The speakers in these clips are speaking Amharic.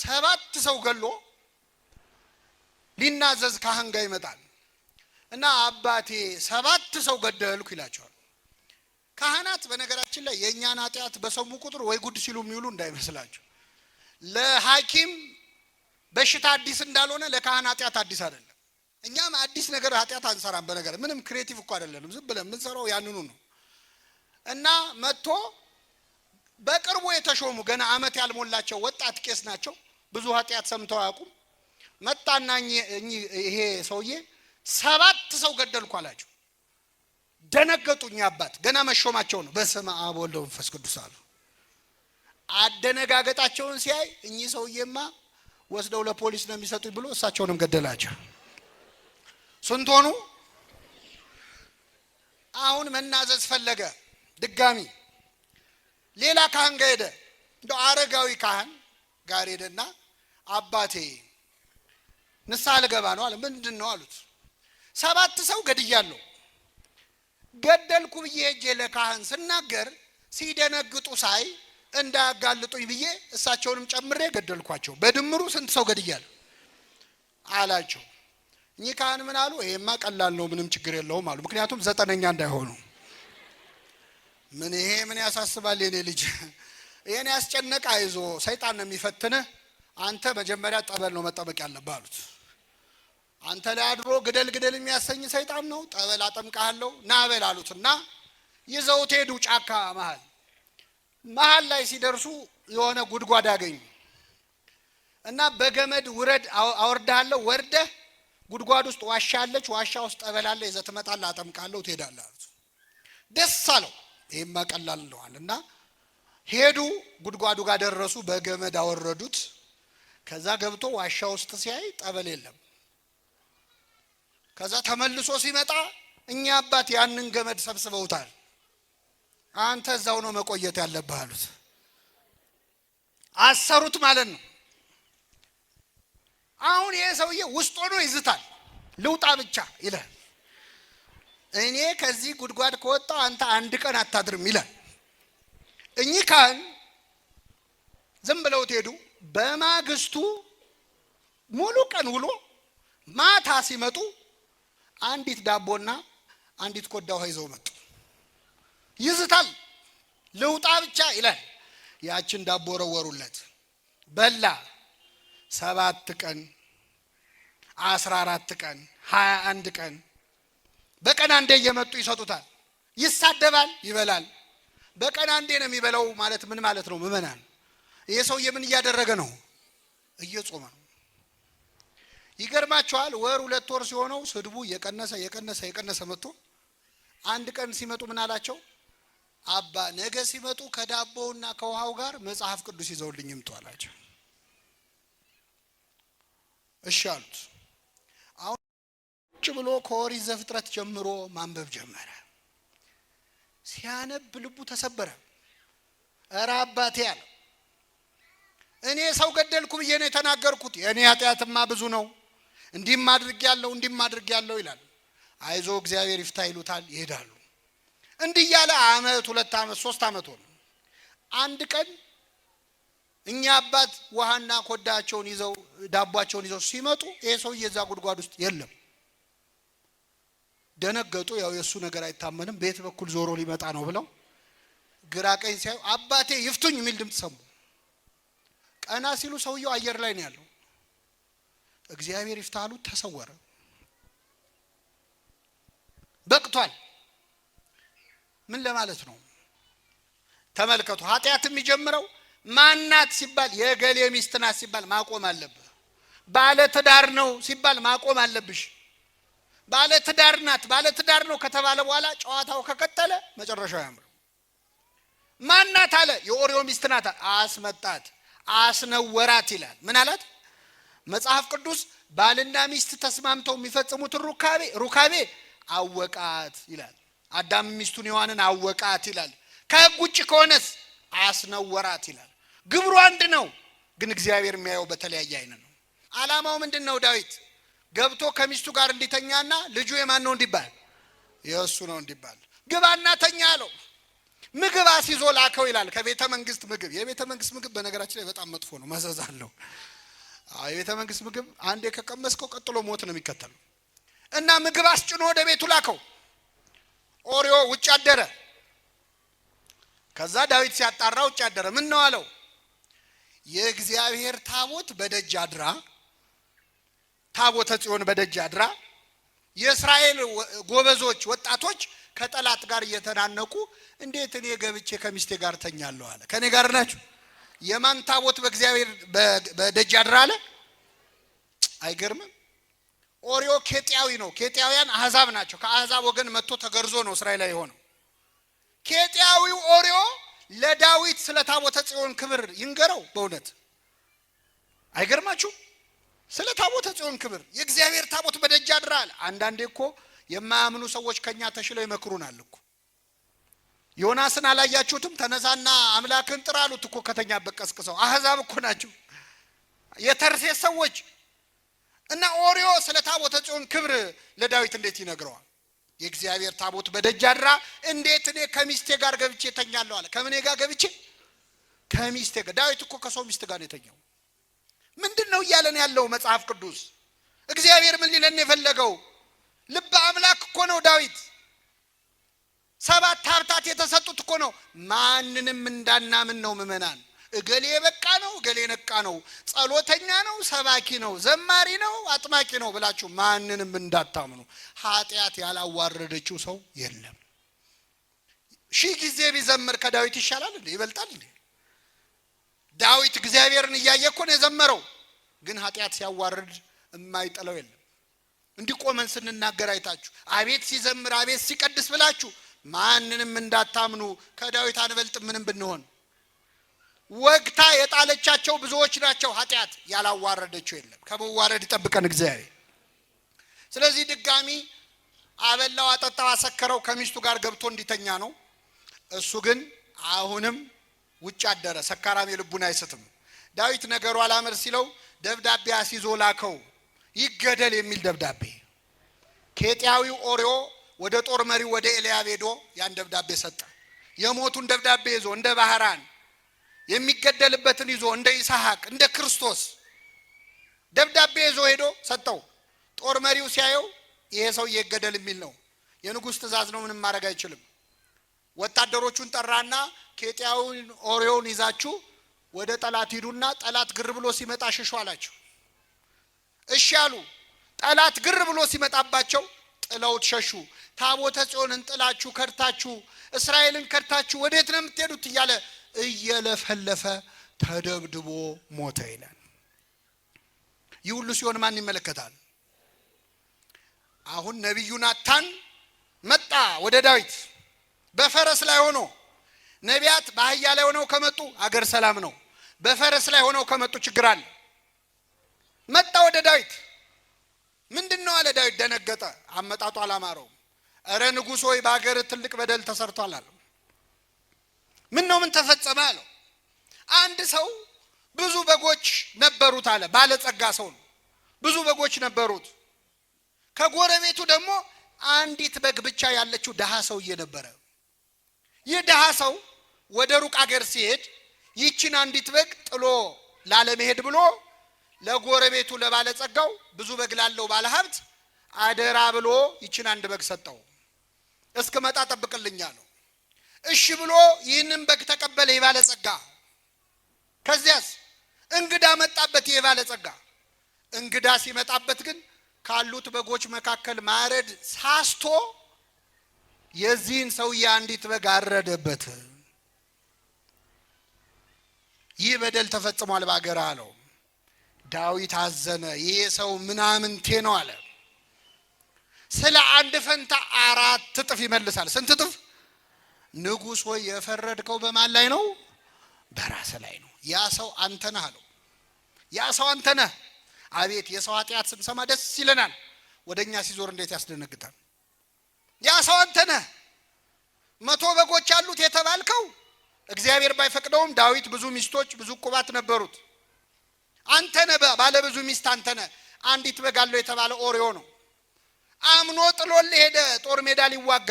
ሰባት ሰው ገሎ ሊናዘዝ ካህን ጋር ይመጣል እና አባቴ ሰባት ሰው ገደልኩ ይላቸዋል። ካህናት በነገራችን ላይ የእኛን ኃጢአት በሰሙ ቁጥር ወይ ጉድ ሲሉ የሚውሉ እንዳይመስላቸው። ለሐኪም በሽታ አዲስ እንዳልሆነ ለካህን ኃጢአት አዲስ አይደለም። እኛም አዲስ ነገር ኃጢአት አንሰራም። በነገር ምንም ክሬቲቭ እኮ አይደለንም። ዝም ብለን የምንሰራው ያንኑ ነው እና መጥቶ በቅርቡ የተሾሙ ገና አመት ያልሞላቸው ወጣት ቄስ ናቸው። ብዙ ኃጢአት ሰምተው አያውቁም። መጣና ይሄ ሰውዬ ሰባት ሰው ገደልኩ አላቸው። ደነገጡኝ። አባት ገና መሾማቸው ነው። በስመ አብ ወልድ ወመንፈስ ቅዱስ አሉ። አደነጋገጣቸውን ሲያይ እኚህ ሰውዬማ ወስደው ለፖሊስ ነው የሚሰጡኝ ብሎ እሳቸውንም ገደላቸው። ስንት ሆኑ? አሁን መናዘዝ ፈለገ ድጋሚ ሌላ ካህን ጋር ሄደ። እንደ አረጋዊ ካህን ጋር ሄደና አባቴ ንስሐ ልገባ ነው አለ። ምንድን ነው አሉት። ሰባት ሰው ገድያለሁ። ገደልኩ ብዬ ሄጄ ለካህን ስናገር ሲደነግጡ ሳይ እንዳያጋልጡኝ ብዬ እሳቸውንም ጨምሬ ገደልኳቸው። በድምሩ ስንት ሰው ገድያለሁ አላቸው። እኚህ ካህን ምን አሉ? ይሄማ ቀላል ነው፣ ምንም ችግር የለውም አሉ። ምክንያቱም ዘጠነኛ እንዳይሆኑ ምን ይሄ ምን ያሳስባል? የኔ ልጅ ይህን ያስጨነቀ አይዞ ሰይጣን ነው የሚፈትን አንተ መጀመሪያ ጠበል ነው መጠበቅ ያለብህ አሉት። አንተ ላይ አድሮ ግደል ግደል የሚያሰኝ ሰይጣን ነው። ጠበል አጠምቃለሁ ናበል አሉትና ይዘውት ሄዱ። ጫካ መሀል መሀል ላይ ሲደርሱ የሆነ ጉድጓድ አገኙ እና በገመድ ውረድ አወርድሃለሁ፣ ወርደህ ጉድጓድ ውስጥ ዋሻ አለች፣ ዋሻ ውስጥ ጠበላለህ፣ ይዘህ ትመጣለህ፣ አጠምቃለሁ፣ ትሄዳለህ አሉት። ደስ አለው። ይህማ ቀላል እንደዋል እና ሄዱ። ጉድጓዱ ጋር ደረሱ። በገመድ አወረዱት። ከዛ ገብቶ ዋሻ ውስጥ ሲያይ ጠበል የለም። ከዛ ተመልሶ ሲመጣ እኛ አባት ያንን ገመድ ሰብስበውታል። አንተ እዛው ነው መቆየት ያለብህ አሉት። አሰሩት ማለት ነው። አሁን ይሄ ሰውዬ ውስጥ ሆኖ ይዝታል። ልውጣ ብቻ ይላል። እኔ ከዚህ ጉድጓድ ከወጣው አንተ አንድ ቀን አታድርም ይላል። እኚህ ካህን ዝም ብለው ትሄዱ በማግስቱ ሙሉ ቀን ውሎ ማታ ሲመጡ አንዲት ዳቦና አንዲት ኮዳ ውሃ ይዘው መጡ። ይዝታል ልውጣ ብቻ ይላል። ያችን ዳቦ ወረወሩለት፣ በላ። ሰባት ቀን አስራ አራት ቀን ሀያ አንድ ቀን በቀን አንዴ እየመጡ ይሰጡታል። ይሳደባል፣ ይበላል። በቀን አንዴ ነው የሚበላው ማለት ምን ማለት ነው? ምእመናን፣ ይሄ ሰውዬ ምን እያደረገ ነው? እየጾመ ነው። ይገርማቸዋል። ወር ሁለት ወር ሲሆነው ስድቡ የቀነሰ የቀነሰ የቀነሰ መጥቶ አንድ ቀን ሲመጡ ምን አላቸው? አባ ነገ ሲመጡ ከዳቦውና ከውሃው ጋር መጽሐፍ ቅዱስ ይዘውልኝ ይምጡ አላቸው። እሺ አሉት። ቁጭ ብሎ ከኦሪት ዘፍጥረት ጀምሮ ማንበብ ጀመረ። ሲያነብ ልቡ ተሰበረ። እረ አባቴ አለ፣ እኔ ሰው ገደልኩ ብዬ ነው የተናገርኩት። የእኔ ኃጢአትማ ብዙ ነው፣ እንዲህም አድርግ ያለው እንዲህም አድርግ ያለው ይላል። አይዞ እግዚአብሔር ይፍታ ይሉታል፣ ይሄዳሉ። እንዲህ እያለ አመት፣ ሁለት አመት፣ ሶስት አመት ሆነ። አንድ ቀን እኛ አባት ውሃና ኮዳቸውን ይዘው ዳቧቸውን ይዘው ሲመጡ ይሄ ሰውዬ እየዛ ጉድጓድ ውስጥ የለም። ደነገጡ። ያው የእሱ ነገር አይታመንም፣ በየት በኩል ዞሮ ሊመጣ ነው ብለው ግራ ቀኝ ሲያዩ አባቴ ይፍቱኝ የሚል ድምፅ ሰሙ። ቀና ሲሉ ሰውየው አየር ላይ ነው ያለው። እግዚአብሔር ይፍታህ አሉ፣ ተሰወረ። በቅቷል። ምን ለማለት ነው? ተመልከቱ። ኃጢአት የሚጀምረው ማናት ሲባል የገሌ ሚስት ናት ሲባል ማቆም አለብህ። ባለ ትዳር ነው ሲባል ማቆም አለብሽ። ባለትዳር ናት ባለትዳር ነው ከተባለ በኋላ ጨዋታው ከቀጠለ መጨረሻው ያምር። ማናት አለ የኦሪዮ ሚስት ናት። አስመጣት አስነወራት ይላል። ምን አላት መጽሐፍ ቅዱስ? ባልና ሚስት ተስማምተው የሚፈጽሙትን ሩካቤ ሩካቤ አወቃት ይላል። አዳም ሚስቱን ሔዋንን አወቃት ይላል። ከህግ ውጭ ከሆነስ አስነወራት ይላል። ግብሩ አንድ ነው፣ ግን እግዚአብሔር የሚያየው በተለያየ አይነት ነው። አላማው ምንድን ነው ዳዊት ገብቶ ከሚስቱ ጋር እንዲተኛና ልጁ የማን ነው እንዲባል የእሱ ነው እንዲባል። ግባና ተኛ አለው። ምግብ አስይዞ ላከው ይላል። ከቤተ መንግስት ምግብ የቤተ መንግስት ምግብ በነገራችን ላይ በጣም መጥፎ ነው፣ መዘዝ አለው። የቤተ መንግስት ምግብ አንዴ ከቀመስከው ቀጥሎ ሞት ነው የሚከተለው። እና ምግብ አስጭኖ ወደ ቤቱ ላከው። ኦሪዮ ውጭ አደረ። ከዛ ዳዊት ሲያጣራ ውጭ አደረ። ምን ነው አለው የእግዚአብሔር ታቦት በደጅ አድራ ታቦተ ጽዮን በደጅ አድራ የእስራኤል ጎበዞች ወጣቶች ከጠላት ጋር እየተናነቁ እንዴት እኔ ገብቼ ከሚስቴ ጋር ተኛለሁ አለ። ከእኔ ጋር ናችሁ። የማን ታቦት በእግዚአብሔር በደጅ አድራ አለ? አይገርምም? ኦሪዮ ኬጥያዊ ነው። ኬጥያውያን አህዛብ ናቸው። ከአህዛብ ወገን መጥቶ ተገርዞ ነው እስራኤላዊ የሆነው። ኬጥያዊው ኦሪዮ ለዳዊት ስለ ታቦተ ጽዮን ክብር ይንገረው። በእውነት አይገርማችሁ? ስለ ታቦተ ጽዮን ክብር የእግዚአብሔር ታቦት በደጅ አድራል። አንዳንዴ እኮ የማያምኑ ሰዎች ከኛ ተሽለው ይመክሩናል እኮ። ዮናስን አላያችሁትም? ተነሳና አምላክን ጥራ አሉት እኮ ከተኛበት ቀስቅሰው። አህዛብ እኮ ናቸው የተርሴስ ሰዎች እና ኦሪዮ ስለ ታቦተ ጽዮን ክብር ለዳዊት እንዴት ይነግረዋል? የእግዚአብሔር ታቦት በደጅ አድራ፣ እንዴት እኔ ከሚስቴ ጋር ገብቼ ተኛለሁ አለ። ከምኔ ጋር ገብቼ? ከሚስቴ ጋር። ዳዊት እኮ ከሰው ሚስት ጋር ነው የተኛው። ምንድን ነው እያለን ያለው መጽሐፍ ቅዱስ? እግዚአብሔር ምን ሊለን የፈለገው? ልበ አምላክ እኮ ነው ዳዊት። ሰባት ሀብታት የተሰጡት እኮ ነው። ማንንም እንዳናምን ነው ምእመናን። እገሌ በቃ ነው፣ እገሌ ነቃ ነው፣ ጸሎተኛ ነው፣ ሰባኪ ነው፣ ዘማሪ ነው፣ አጥማቂ ነው ብላችሁ ማንንም እንዳታምኑ። ኃጢአት ያላዋረደችው ሰው የለም። ሺህ ጊዜ ቢዘምር ከዳዊት ይሻላል እንዴ? ይበልጣል እንዴ? ዳዊት እግዚአብሔርን እያየ እኮ ነው የዘመረው። ግን ኃጢአት ሲያዋርድ የማይጥለው የለም። እንዲህ ቆመን ስንናገር አይታችሁ አቤት ሲዘምር አቤት ሲቀድስ ብላችሁ ማንንም እንዳታምኑ። ከዳዊት አንበልጥ ምንም ብንሆን። ወግታ የጣለቻቸው ብዙዎች ናቸው። ኃጢአት ያላዋረደችው የለም። ከመዋረድ ይጠብቀን እግዚአብሔር። ስለዚህ ድጋሚ አበላው፣ አጠጣው፣ አሰከረው ከሚስቱ ጋር ገብቶ እንዲተኛ ነው። እሱ ግን አሁንም ውጭ አደረ። ሰካራም የልቡን አይስትም። ዳዊት ነገሩ አላመር ሲለው ደብዳቤ አስይዞ ላከው ይገደል የሚል ደብዳቤ። ኬጢያዊው ኦሪዮ ወደ ጦር መሪው ወደ ኤልያብ ሄዶ ያን ደብዳቤ ሰጠ። የሞቱን ደብዳቤ ይዞ እንደ ባህራን የሚገደልበትን ይዞ እንደ ይስሐቅ እንደ ክርስቶስ ደብዳቤ ይዞ ሄዶ ሰጠው። ጦር መሪው ሲያየው ይሄ ሰው ይገደል የሚል ነው። የንጉሥ ትእዛዝ ነው፣ ምንም ማድረግ አይችልም። ወታደሮቹን ጠራና ኬጢያውን ኦሪዮን ይዛችሁ ወደ ጠላት ሂዱና ጠላት ግር ብሎ ሲመጣ ሽሹ አላቸው። እሺ አሉ። ጠላት ግር ብሎ ሲመጣባቸው ጥለውት ሸሹ። ታቦተ ጽዮንን ጥላችሁ ከድታችሁ እስራኤልን ከድታችሁ ወዴት ነው የምትሄዱት? እያለ እየለፈለፈ ተደብድቦ ሞተ ይላል። ይህ ሁሉ ሲሆን ማን ይመለከታል? አሁን ነቢዩ ናታን መጣ ወደ ዳዊት በፈረስ ላይ ሆኖ ነቢያት በአህያ ላይ ሆነው ከመጡ አገር ሰላም ነው። በፈረስ ላይ ሆነው ከመጡ ችግር አለ። መጣ ወደ ዳዊት ምንድን ነው አለ። ዳዊት ደነገጠ። አመጣጡ አላማረውም። እረ ንጉሥ ሆይ በአገር ትልቅ በደል ተሰርቷል አለ። ምን ነው ምን ተፈጸመ አለው። አንድ ሰው ብዙ በጎች ነበሩት አለ። ባለጸጋ ሰው ነው። ብዙ በጎች ነበሩት። ከጎረቤቱ ደግሞ አንዲት በግ ብቻ ያለችው ድሃ ሰውዬ ነበረ። ይህ ድሃ ሰው ወደ ሩቅ አገር ሲሄድ ይችን አንዲት በግ ጥሎ ላለመሄድ ብሎ ለጎረቤቱ ለባለጸጋው ብዙ በግ ላለው ባለሀብት አደራ ብሎ ይችን አንድ በግ ሰጠው። እስክመጣ ጠብቅልኝ አለው። እሺ ብሎ ይህንን በግ ተቀበለ የባለጸጋ። ከዚያስ እንግዳ መጣበት የባለጸጋ። እንግዳ ሲመጣበት ግን ካሉት በጎች መካከል ማረድ ሳስቶ የዚህን ሰውዬ አንዲት በግ አረደበት። ይህ በደል ተፈጽሟል በአገር አለው። ዳዊት አዘነ። ይሄ ሰው ምናምንቴ ነው አለ። ስለ አንድ ፈንታ አራት እጥፍ ይመልሳል። ስንት እጥፍ? ንጉሥ ሆይ የፈረድከው በማን ላይ ነው? በራስ ላይ ነው። ያ ሰው አንተ ነህ አለው። ያ ሰው አንተ ነህ። አቤት የሰው ኃጢአት ስንሰማ ደስ ይለናል። ወደ እኛ ሲዞር እንዴት ያስደነግጣል! ያ ሰው አንተ ነህ። መቶ በጎች አሉት የተባልከው እግዚአብሔር ባይፈቅደውም ዳዊት ብዙ ሚስቶች ብዙ ቁባት ነበሩት። አንተ ነህ ባለ ብዙ ሚስት አንተ ነህ። አንዲት በግ አለው የተባለ ኦሪዮ ነው። አምኖ ጥሎል ሄደ ጦር ሜዳ ሊዋጋ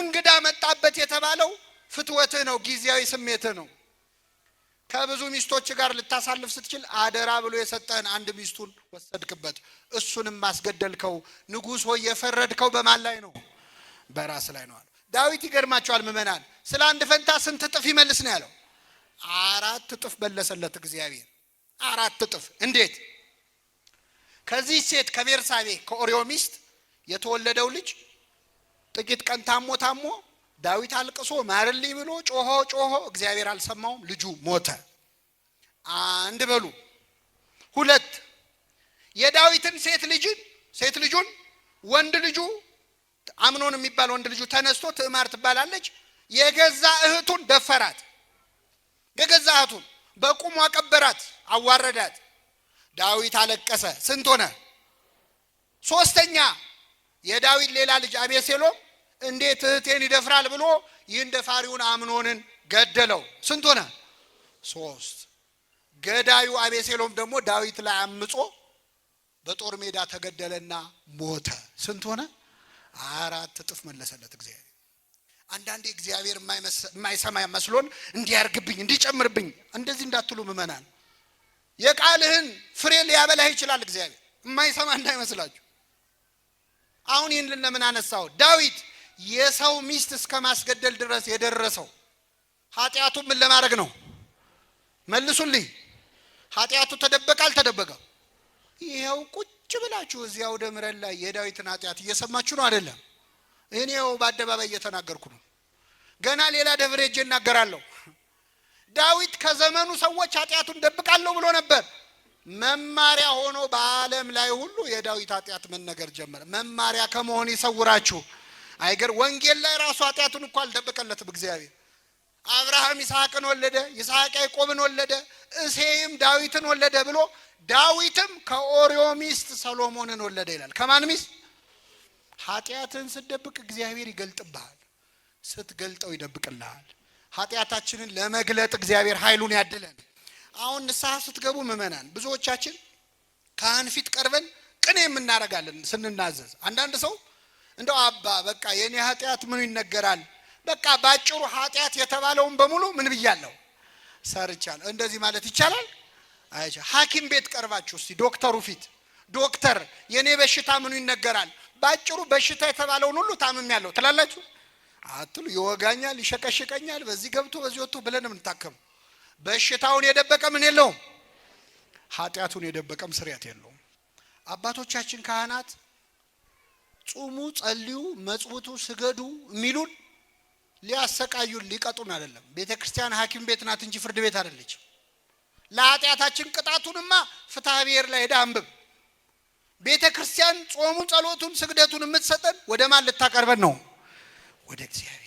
እንግዳ መጣበት የተባለው ፍትወትህ ነው፣ ጊዜያዊ ስሜትህ ነው። ከብዙ ሚስቶች ጋር ልታሳልፍ ስትችል አደራ ብሎ የሰጠህን አንድ ሚስቱን ወሰድክበት፣ እሱንም ማስገደልከው። ንጉሥ ሆይ የፈረድከው በማን ላይ ነው? በራስ ላይ ነው አለ ዳዊት። ይገርማቸዋል ምዕመናን፣ ስለ አንድ ፈንታ ስንት እጥፍ ይመልስ ነው ያለው? አራት እጥፍ መለሰለት እግዚአብሔር፣ አራት እጥፍ። እንዴት? ከዚህ ሴት ከቤርሳቤ ከኦሪዮ ሚስት የተወለደው ልጅ ጥቂት ቀን ታሞ ታሞ ዳዊት አልቅሶ ማርልኝ ብሎ ጮሆ ጮሆ እግዚአብሔር አልሰማውም፣ ልጁ ሞተ። አንድ በሉ ሁለት የዳዊትን ሴት ልጅን ሴት ልጁን ወንድ ልጁ አምኖን የሚባል ወንድ ልጁ ተነስቶ ትዕማር ትባላለች የገዛ እህቱን ደፈራት። የገዛ እህቱን በቁሙ አቀበራት፣ አዋረዳት። ዳዊት አለቀሰ። ስንት ሆነ? ሶስተኛ የዳዊት ሌላ ልጅ አቤሴሎም እንዴት እህቴን ይደፍራል ብሎ ይህን ደፋሪውን አምኖንን ገደለው። ስንት ሆነ? ሶስት። ገዳዩ አቤሴሎም ደግሞ ዳዊት ላይ አምጾ በጦር ሜዳ ተገደለና ሞተ። ስንት ሆነ? አራት እጥፍ መለሰለት እግዚአብሔር። አንዳንዴ እግዚአብሔር የማይሰማ መስሎን እንዲያርግብኝ እንዲጨምርብኝ እንደዚህ እንዳትሉ ምመናል የቃልህን ፍሬ ሊያበላህ ይችላል እግዚአብሔር። የማይሰማ እንዳይመስላችሁ። አሁን ይህን ልነምን አነሳው ዳዊት የሰው ሚስት እስከ ማስገደል ድረስ የደረሰው ኃጢአቱ ምን ለማድረግ ነው? መልሱልኝ። ኃጢአቱ ተደበቀ አልተደበቀም? ይኸው ቁጭ ብላችሁ እዚያ አውደ ምረል ላይ የዳዊትን ኃጢአት እየሰማችሁ ነው አይደለም? እኔው በአደባባይ እየተናገርኩ ነው። ገና ሌላ ደብሬ እጄ እናገራለሁ። ዳዊት ከዘመኑ ሰዎች ኃጢአቱን ደብቃለሁ ብሎ ነበር። መማሪያ ሆኖ በዓለም ላይ ሁሉ የዳዊት ኃጢአት መነገር ጀመረ። መማሪያ ከመሆን ይሰውራችሁ። አይገር ወንጌል ላይ ራሱ ኃጢአቱን እኮ አልደበቀለትም እግዚአብሔር። አብርሃም ይስሐቅን ወለደ፣ ይስሐቅ ያዕቆብን ወለደ፣ እሴይም ዳዊትን ወለደ ብሎ ዳዊትም ከኦሪዮ ሚስት ሰሎሞንን ወለደ ይላል። ከማን ሚስት? ኃጢአትን ስትደብቅ እግዚአብሔር ይገልጥብሃል፣ ስትገልጠው ይደብቅልሃል። ኃጢአታችንን ለመግለጥ እግዚአብሔር ኃይሉን ያድለን። አሁን ንስሐ ስትገቡ ምእመናን፣ ብዙዎቻችን ካህን ፊት ቀርበን ቅኔ የምናደርጋለን ስንናዘዝ። አንዳንድ ሰው እንደው አባ በቃ የኔ ኃጢአት ምኑ ይነገራል። በቃ ባጭሩ ኃጢአት የተባለውን በሙሉ ምን ብያለሁ ሰርቻለሁ። እንደዚህ ማለት ይቻላል? አይቻ ሐኪም ቤት ቀርባችሁ እስቲ ዶክተሩ ፊት ዶክተር የኔ በሽታ ምኑ ይነገራል፣ ባጭሩ በሽታ የተባለውን ሁሉ ያለው ትላላችሁ አትሉ? ይወጋኛል፣ ይሸቀሽቀኛል፣ በዚህ ገብቶ በዚህ ወጥቶ ብለን የምንታከሙ በሽታውን የደበቀ ምን የለውም፣ ኃጢአቱን የደበቀም ስርያት የለውም። አባቶቻችን ካህናት ጹሙ፣ ጸልዩ፣ መጽውቱ፣ ስገዱ የሚሉን ሊያሰቃዩን ሊቀጡን አይደለም። ቤተ ክርስቲያን ሐኪም ቤት ናት እንጂ ፍርድ ቤት አይደለች። ለኃጢአታችን ቅጣቱንማ ፍትሐ ብሔር ላይ ሄዳ አንብብ። ቤተ ክርስቲያን ጾሙን፣ ጸሎቱን፣ ስግደቱን የምትሰጠን ወደ ማን ልታቀርበን ነው? ወደ እግዚአብሔር